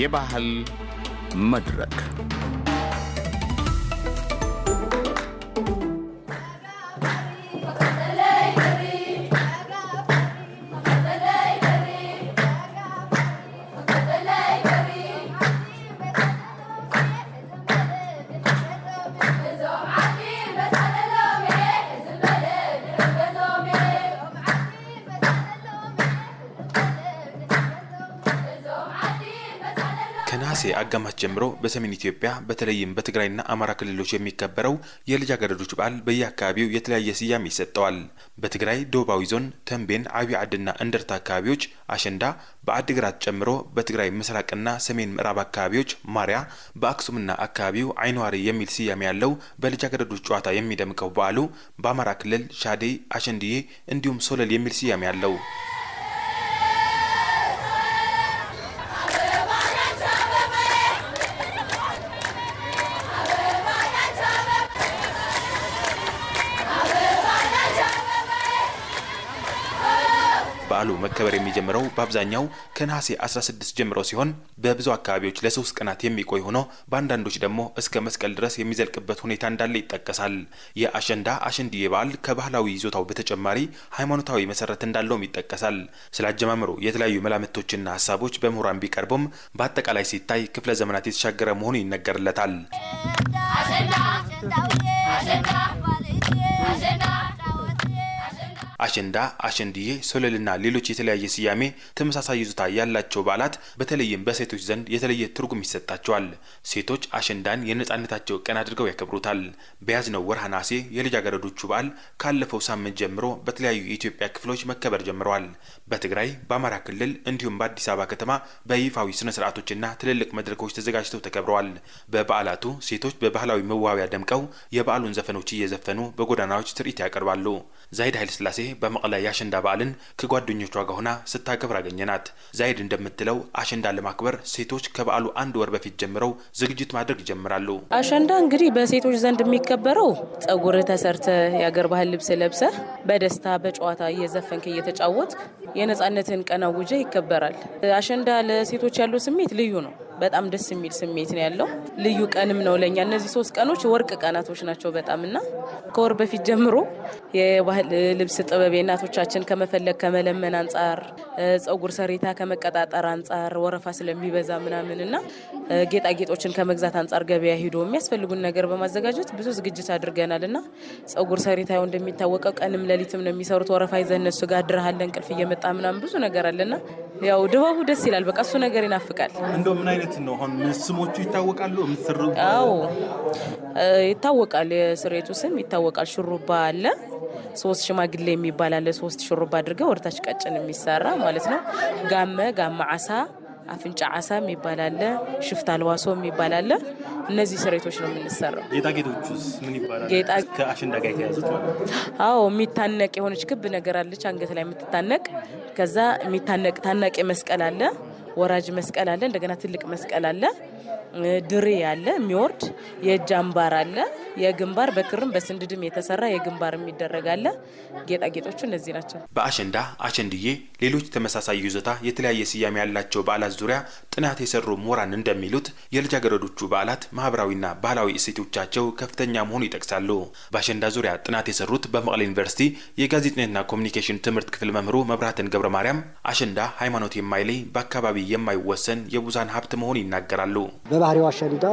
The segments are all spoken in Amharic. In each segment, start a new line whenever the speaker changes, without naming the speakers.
የባህል መድረክ አጋማሽ ጀምሮ በሰሜን ኢትዮጵያ በተለይም በትግራይና አማራ ክልሎች የሚከበረው የልጃገረዶች በዓል በየአካባቢው የተለያየ ስያሜ ይሰጠዋል። በትግራይ ደቡባዊ ዞን ተንቤን፣ አብይ አድና እንደርታ አካባቢዎች አሸንዳ፣ በአድግራት ጨምሮ በትግራይ ምስራቅና ሰሜን ምዕራብ አካባቢዎች ማሪያ፣ በአክሱምና አካባቢው አይንዋሪ የሚል ስያሜ ያለው በልጃገረዶች ጨዋታ የሚደምቀው በዓሉ በአማራ ክልል ሻዴ፣ አሸንድዬ እንዲሁም ሶለል የሚል ስያሜ አለው። በዓሉ መከበር የሚጀምረው በአብዛኛው ከነሐሴ 16 ጀምሮ ሲሆን በብዙ አካባቢዎች ለሶስት ቀናት የሚቆይ ሆኖ በአንዳንዶች ደግሞ እስከ መስቀል ድረስ የሚዘልቅበት ሁኔታ እንዳለ ይጠቀሳል። የአሸንዳ አሸንድዬ በዓል ከባህላዊ ይዞታው በተጨማሪ ሃይማኖታዊ መሰረት እንዳለውም ይጠቀሳል። ስለ አጀማመሩ የተለያዩ መላምቶችና ሀሳቦች በምሁራን ቢቀርቡም በአጠቃላይ ሲታይ ክፍለ ዘመናት የተሻገረ መሆኑ ይነገርለታል። አሸንዳ፣ አሸንድዬ፣ ሶለልና ሌሎች የተለያየ ስያሜ ተመሳሳይ ይዞታ ያላቸው በዓላት በተለይም በሴቶች ዘንድ የተለየ ትርጉም ይሰጣቸዋል። ሴቶች አሸንዳን የነጻነታቸው ቀን አድርገው ያከብሩታል። በያዝነው ወርሃ ነሐሴ የልጃገረዶቹ በዓል ካለፈው ሳምንት ጀምሮ በተለያዩ የኢትዮጵያ ክፍሎች መከበር ጀምረዋል። በትግራይ፣ በአማራ ክልል እንዲሁም በአዲስ አበባ ከተማ በይፋዊ ስነ ስርዓቶችና ትልልቅ መድረኮች ተዘጋጅተው ተከብረዋል። በበዓላቱ ሴቶች በባህላዊ መዋቢያ ደምቀው የበዓሉን ዘፈኖች እየዘፈኑ በጎዳናዎች ትርኢት ያቀርባሉ። ዛይድ ኃይለስላሴ በዚህ በመቅለ የአሸንዳ በዓልን ከጓደኞቿ ጋር ሆና ስታከብር አገኘናት። ዛይድ እንደምትለው አሸንዳ ለማክበር ሴቶች ከበዓሉ አንድ ወር በፊት ጀምረው ዝግጅት ማድረግ ይጀምራሉ።
አሸንዳ እንግዲህ በሴቶች ዘንድ የሚከበረው ጸጉር ተሰርተ የአገር ባህል ልብስ ለብሰ በደስታ በጨዋታ እየዘፈንክ እየተጫወት የነጻነትን ቀን አውጀ ይከበራል። አሸንዳ ለሴቶች ያለው ስሜት ልዩ ነው። በጣም ደስ የሚል ስሜት ነው ያለው። ልዩ ቀንም ነው ለኛ እነዚህ ሶስት ቀኖች ወርቅ ቀናቶች ናቸው በጣም እና ከወር በፊት ጀምሮ የባህል ልብስ ጥበብ የእናቶቻችን ከመፈለግ ከመለመን አንጻር፣ ጸጉር ሰሪታ ከመቀጣጠር አንጻር ወረፋ ስለሚበዛ ምናምን እና ጌጣጌጦችን ከመግዛት አንጻር ገበያ ሂዶ የሚያስፈልጉን ነገር በማዘጋጀት ብዙ ዝግጅት አድርገናል እና ጸጉር ሰሪታ እንደሚታወቀው ቀንም ለሊትም ነው የሚሰሩት። ወረፋ ይዘን እነሱ ጋር አድረሃለን እንቅልፍ እየመጣ ምናምን ብዙ ነገር አለና ያው ድባቡ ደስ ይላል። በቃ እሱ ነገር ይናፍቃል።
እንደው ምን ማለት ነው። አሁን ስሞቹ ይታወቃሉ። ምስሩ? አዎ፣
ይታወቃል። የስሬቱ ስም ይታወቃል። ሹሩባ አለ ሶስት ሽማግሌ የሚባል አለ። ሶስት ሹሩባ አድርገው ወደታች ቀጭን የሚሰራ ማለት ነው። ጋመ ጋመ አሳ አፍንጫ አሳ የሚባል አለ። ሽፍታ አልዋሶ የሚባል አለ። እነዚህ ስሬቶች ነው የምንሰራው። ጌጣጌጦች
ምን ይባላል? ከአሸንዳ ጋር የተያዙት
አዎ፣ የሚታነቅ የሆነች ክብ ነገር አለች አንገት ላይ የምትታነቅ ከዛ የሚታነቅ ታናቂ መስቀል አለ ወራጅ መስቀል አለ፣ እንደገና ትልቅ መስቀል አለ። ድሬ አለ የሚወርድ የእጅ አምባር አለ። የግንባር በክርም በስንድድም የተሰራ የግንባር የሚደረግ አለ። ጌጣጌጦቹ እነዚህ ናቸው።
በአሸንዳ አሸንድዬ፣ ሌሎች ተመሳሳይ ይዞታ የተለያየ ስያሜ ያላቸው በዓላት ዙሪያ ጥናት የሰሩ ምሁራን እንደሚሉት የልጃገረዶቹ በዓላት ማህበራዊና ባህላዊ እሴቶቻቸው ከፍተኛ መሆኑ ይጠቅሳሉ። በአሸንዳ ዙሪያ ጥናት የሰሩት በመቀሌ ዩኒቨርሲቲ የጋዜጠኝነትና ኮሚኒኬሽን ትምህርት ክፍል መምህሩ መብራትን ገብረ ማርያም አሸንዳ ሃይማኖት የማይለይ በአካባቢ የማይወሰን የብዙሃን ሀብት መሆኑ ይናገራሉ።
በባህሪው አሸንዳ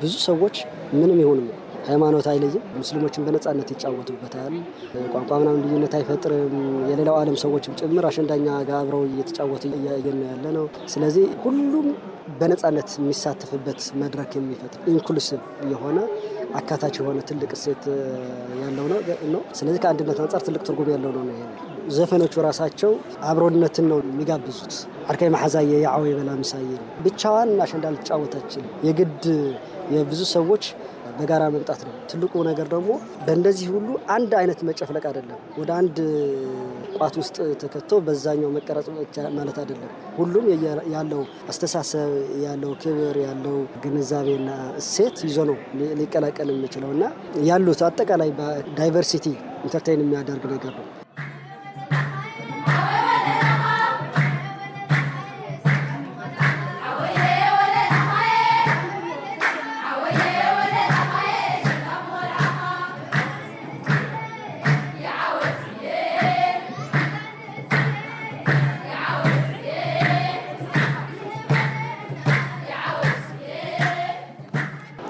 ብዙ ሰዎች ምንም ይሁንም ሃይማኖት አይለይም። ሙስሊሞችን በነፃነት ይጫወቱበታል። ቋንቋ ምናምን ልዩነት አይፈጥርም። የሌላው ዓለም ሰዎችም ጭምር አሸንዳኛ ጋር አብረው እየተጫወቱ እያየን ያለ ነው። ስለዚህ ሁሉም በነፃነት የሚሳተፍበት መድረክ የሚፈጥር ኢንክሉሲቭ የሆነ አካታች የሆነ ትልቅ እሴት ያለው ነው። ስለዚህ ከአንድነት አንጻር ትልቅ ትርጉም ያለው ነው ይሄ ዘፈኖቹ ራሳቸው አብሮነትን ነው የሚጋብዙት። አርካይ ማሐዛየ የአዊ የበላ ምሳየ ብቻዋን አሸንዳ ልትጫወታችን የግድ የብዙ ሰዎች በጋራ መምጣት ነው። ትልቁ ነገር ደግሞ በእንደዚህ ሁሉ አንድ አይነት መጨፍለቅ አይደለም። ወደ አንድ ቋት ውስጥ ተከቶ በዛኛው መቀረጽ ማለት አይደለም። ሁሉም ያለው አስተሳሰብ፣ ያለው ክብር፣ ያለው ግንዛቤና እሴት ይዞ ነው ሊቀላቀል የሚችለው እና ያሉት አጠቃላይ ዳይቨርሲቲ ኢንተርቴይን የሚያደርግ ነገር ነው።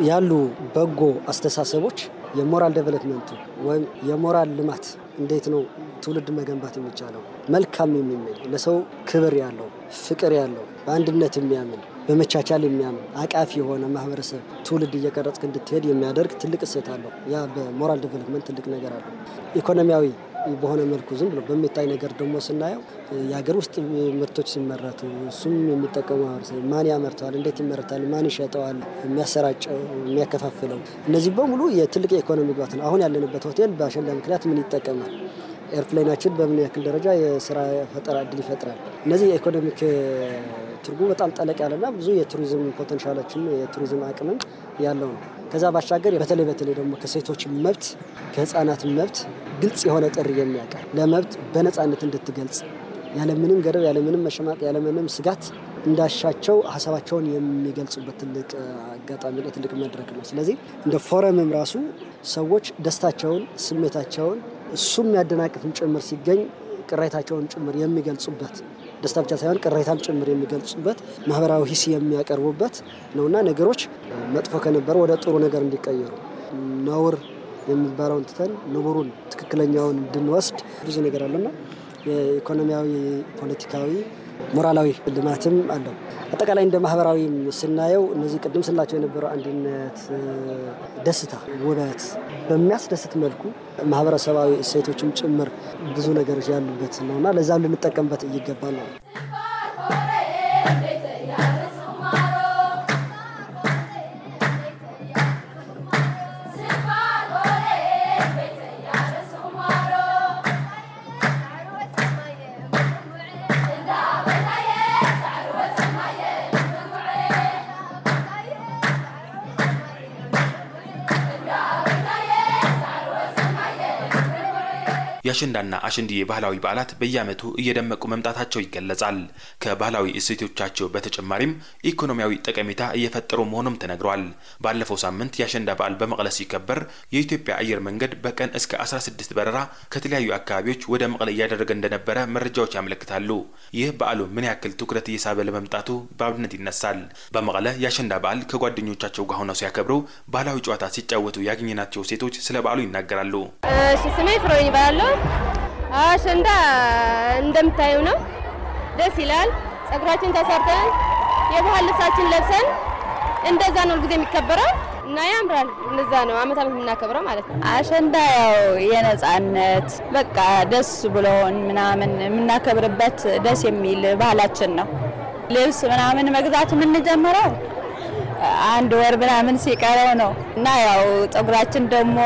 ያሉ በጎ አስተሳሰቦች የሞራል ዴቨሎፕመንቱ ወይም የሞራል ልማት እንዴት ነው ትውልድ መገንባት የሚቻለው? መልካም የሚመኝ ለሰው ክብር ያለው ፍቅር ያለው በአንድነት የሚያምን በመቻቻል የሚያምን አቃፊ የሆነ ማህበረሰብ ትውልድ እየቀረጽክ እንድትሄድ የሚያደርግ ትልቅ እሴት አለው። ያ በሞራል ዴቨሎፕመንት ትልቅ ነገር አለው። ኢኮኖሚያዊ በሆነ መልኩ ዝም ብሎ በሚታይ ነገር ደግሞ ስናየው የሀገር ውስጥ ምርቶች ሲመረቱ እሱም የሚጠቀሙ ማህበረሰብ ማን ያመርተዋል፣ እንዴት ይመረታል፣ ማን ይሸጠዋል፣ የሚያሰራጨው፣ የሚያከፋፍለው እነዚህ በሙሉ የትልቅ የኢኮኖሚ ግባት ነው። አሁን ያለንበት ሆቴል በአሸንዳ ምክንያት ምን ይጠቀማል? ኤርፕላይናችን በምን ያክል ደረጃ የስራ ፈጠራ እድል ይፈጥራል? እነዚህ የኢኮኖሚክ ትርጉም በጣም ጠለቅ ያለና ብዙ የቱሪዝም ፖቴንሻሎችን የቱሪዝም አቅምን ያለው ነው። ከዛ ባሻገር በተለይ በተለይ ደግሞ ከሴቶች መብት ከህፃናት መብት ግልጽ የሆነ ጥሪ የሚያቀር ለመብት በነፃነት እንድትገልጽ ያለምንም ገደብ ያለምንም መሸማቅ ያለምንም ስጋት እንዳሻቸው ሀሳባቸውን የሚገልጹበት ትልቅ አጋጣሚ ነው፣ ትልቅ መድረክ ነው። ስለዚህ እንደ ፎረምም ራሱ ሰዎች ደስታቸውን፣ ስሜታቸውን እሱም ያደናቅፍም ጭምር ሲገኝ ቅሬታቸውን ጭምር የሚገልጹበት ደስታ ብቻ ሳይሆን ቅሬታም ጭምር የሚገልጹበት ማህበራዊ ሂስ የሚያቀርቡበት ነውና ነገሮች መጥፎ ከነበረ ወደ ጥሩ ነገር እንዲቀየሩ ነውር የሚባለውን ትተን ንቡሩን ትክክለኛውን እንድንወስድ ብዙ ነገር አለና የኢኮኖሚያዊ ፖለቲካዊ ሞራላዊ ልማትም አለው። አጠቃላይ እንደ ማህበራዊ ስናየው እነዚህ ቅድም ስላቸው የነበረው አንድነት፣ ደስታ፣ ውበት በሚያስደስት መልኩ ማህበረሰባዊ እሴቶችም ጭምር ብዙ ነገሮች ያሉበት ነውና ለዛም ልንጠቀምበት እይገባል ነው።
የአሸንዳና አሸንድዬ ባህላዊ በዓላት በየዓመቱ እየደመቁ መምጣታቸው ይገለጻል። ከባህላዊ እሴቶቻቸው በተጨማሪም ኢኮኖሚያዊ ጠቀሜታ እየፈጠሩ መሆኑም ተነግሯል። ባለፈው ሳምንት የአሸንዳ በዓል በመቀለ ሲከበር የኢትዮጵያ አየር መንገድ በቀን እስከ 16 በረራ ከተለያዩ አካባቢዎች ወደ መቀለ እያደረገ እንደነበረ መረጃዎች ያመለክታሉ። ይህ በዓሉ ምን ያክል ትኩረት እየሳበ ለመምጣቱ በአብነት ይነሳል። በመቀለ የአሸንዳ በዓል ከጓደኞቻቸው ጋር ሆነው ሲያከብሩ ባህላዊ ጨዋታ ሲጫወቱ ያገኘናቸው ሴቶች ስለ በዓሉ ይናገራሉ።
ስሜ ፍሮኝ ይባላለሁ። አሸንዳ እንደምታየው ነው። ደስ ይላል። ጸጉራችን ተሰርተን የባህል ልብሳችን ለብሰን እንደዛ ነው ጊዜ የሚከበረው እና ያምራል። እንደዛ ነው አመት አመት የምናከብረው
ማለት ነው። አሸንዳ ያው የነጻነት በቃ ደስ ብሎን ምናምን
የምናከብርበት ደስ የሚል ባህላችን ነው። ልብስ ምናምን መግዛት የምንጀምረው አንድ ወር ምናምን ሲቀረው ነው እና ያው ጸጉራችን ደግሞ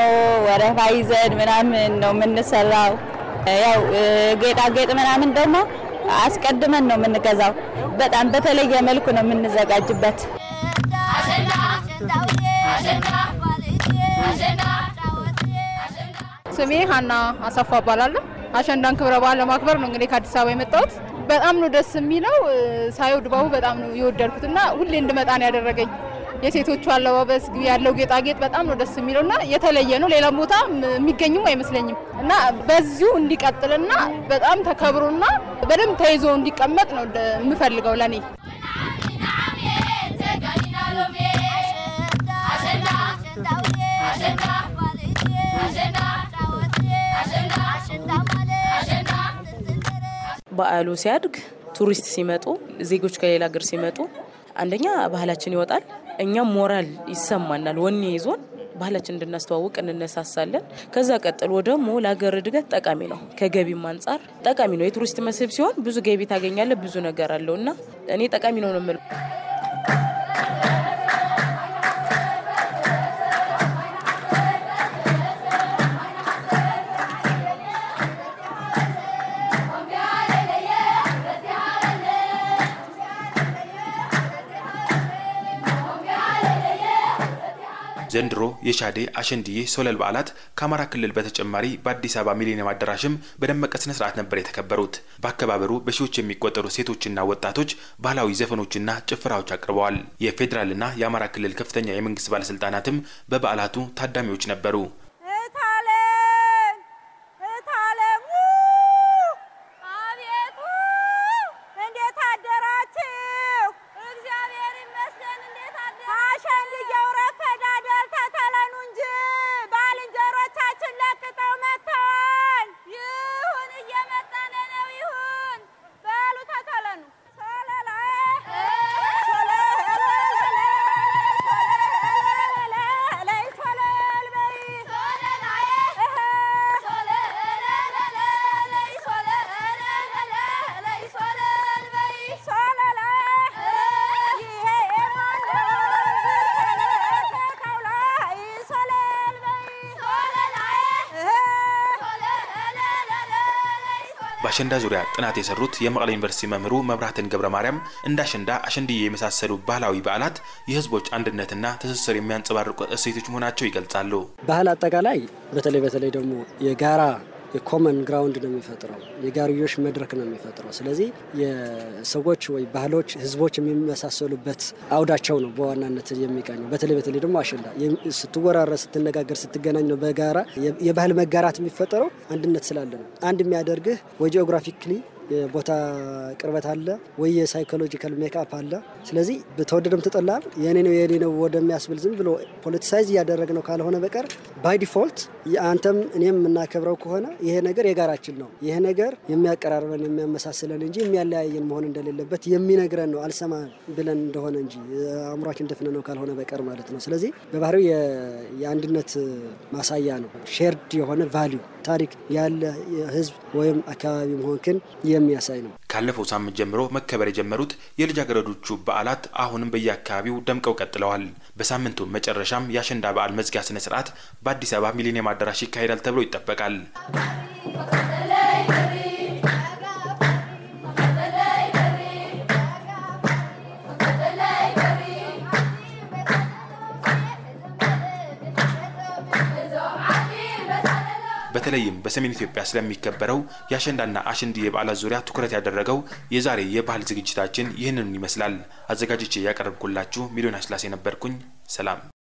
ወረፋ ይዘን ምናምን ነው የምንሰራው። ያው ጌጣጌጥ ምናምን ደግሞ አስቀድመን ነው የምንገዛው። በጣም በተለየ መልኩ ነው የምንዘጋጅበት። ስሜ ሀና አሰፋ እባላለሁ። አሸንዳን ክብረ በዓል ለማክበር ነው እንግዲህ ከአዲስ አበባ የመጣሁት። በጣም ነው ደስ የሚለው። ሳየው ድባቡ በጣም ነው የወደድኩት እና ሁሌ እንድመጣ ነው ያደረገኝ። የሴቶቹ አለባበስ ያለው ጌጣጌጥ በጣም ነው ደስ የሚለው እና የተለየ ነው። ሌላ ቦታ የሚገኝም አይመስለኝም እና በዚሁ እንዲቀጥልና በጣም ተከብሮና በደንብ ተይዞ እንዲቀመጥ ነው የምፈልገው ለኔ በዓሉ ሲያድግ ቱሪስት ሲመጡ ዜጎች ከሌላ ሀገር ሲመጡ አንደኛ ባህላችን ይወጣል፣ እኛም ሞራል ይሰማናል፣ ወኔ ይዞን ባህላችን እንድናስተዋውቅ እንነሳሳለን። ከዛ ቀጥሎ ደግሞ ለሀገር እድገት ጠቃሚ ነው፣ ከገቢም አንጻር ጠቃሚ ነው። የቱሪስት መስህብ ሲሆን ብዙ ገቢ ታገኛለህ፣ ብዙ ነገር አለው እና እኔ ጠቃሚ ነው ነው
ዘንድሮ የሻዴ አሸንድዬ፣ ሶለል በዓላት ከአማራ ክልል በተጨማሪ በአዲስ አበባ ሚሊኒየም አዳራሽም በደመቀ ስነ ስርዓት ነበር የተከበሩት። በአከባበሩ በሺዎች የሚቆጠሩ ሴቶችና ወጣቶች ባህላዊ ዘፈኖችና ጭፈራዎች አቅርበዋል። የፌዴራልና የአማራ ክልል ከፍተኛ የመንግስት ባለስልጣናትም በበዓላቱ ታዳሚዎች ነበሩ። በአሸንዳ ዙሪያ ጥናት የሰሩት የመቀሌ ዩኒቨርሲቲ መምህሩ መብራትን ገብረ ማርያም እንደ አሸንዳ፣ አሸንድዬ የመሳሰሉ ባህላዊ በዓላት የህዝቦች አንድነትና ትስስር የሚያንጸባርቁ እሴቶች መሆናቸው ይገልጻሉ።
ባህል አጠቃላይ በተለይ በተለይ ደግሞ የጋራ የኮመን ግራውንድ ነው የሚፈጥረው፣ የጋርዮሽ መድረክ ነው የሚፈጥረው። ስለዚህ የሰዎች ወይ ባህሎች፣ ህዝቦች የሚመሳሰሉበት አውዳቸው ነው በዋናነት የሚቃኘው። በተለይ በተለይ ደግሞ አሸንዳ ስትወራረ፣ ስትነጋገር፣ ስትገናኝ ነው በጋራ የባህል መጋራት የሚፈጠረው አንድነት ስላለ ነው። አንድ የሚያደርግህ ወይ ጂኦግራፊክሊ ቦታ ቅርበት አለ ወይ የሳይኮሎጂካል ሜካፕ አለ። ስለዚህ በተወደደም ተጠላም የኔ ነው የኔ ነው ወደሚያስብል ዝም ብሎ ፖለቲሳይዝ እያደረግ ነው ካልሆነ በቀር ባይ ዲፎልት አንተም እኔም የምናከብረው ከሆነ ይሄ ነገር የጋራችን ነው፣ ይሄ ነገር የሚያቀራርበን የሚያመሳስለን እንጂ የሚያለያየን መሆን እንደሌለበት የሚነግረን ነው። አልሰማ ብለን እንደሆነ እንጂ አእምሯችን ደፍነ ነው ካልሆነ በቀር ማለት ነው። ስለዚህ በባህሪው የአንድነት ማሳያ ነው ሼርድ የሆነ ቫሊዩ ታሪክ ያለ ህዝብ ወይም አካባቢ መሆንክን የሚያሳይ ነው።
ካለፈው ሳምንት ጀምሮ መከበር የጀመሩት የልጃገረዶቹ በዓላት አሁንም በየአካባቢው ደምቀው ቀጥለዋል። በሳምንቱ መጨረሻም የአሸንዳ በዓል መዝጊያ ስነ ስርዓት በአዲስ አበባ ሚሊኒየም አዳራሽ ይካሄዳል ተብሎ ይጠበቃል። በተለይም በሰሜን ኢትዮጵያ ስለሚከበረው የአሸንዳና አሸንድዬ የበዓላት ዙሪያ ትኩረት ያደረገው የዛሬ የባህል ዝግጅታችን ይህንን ይመስላል። አዘጋጅቼ ያቀረብኩላችሁ ሚሊዮን አስላሴ ነበርኩኝ። ሰላም።